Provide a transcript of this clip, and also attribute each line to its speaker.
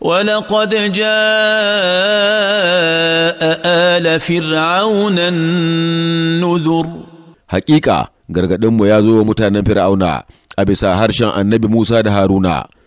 Speaker 1: ولقد جاء آل فرعون النذر
Speaker 2: حقيقة غرغدنمو يازو متانن فرعون أبسا هرشان النبي موسى da Haruna.